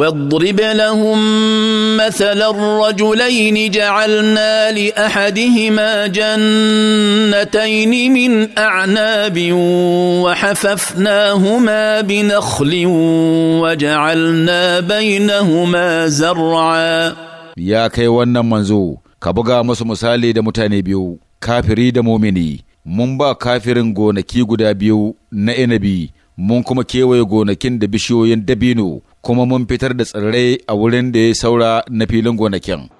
واضرب لهم مثلا الرجلين جعلنا لاحدهما جنتين من اعناب وحففناهما بنخل وجعلنا بينهما زرعا يا كي wannan manzo ka buga musu misali da mutane biyu kafiri da mumini mun ba kafirin gonaki guda biyu na inabi mun kuma kewaye gonakin da bishiyoyin dabino kuma mun fitar da tsirrai a wurin da ya saura na filin gonakin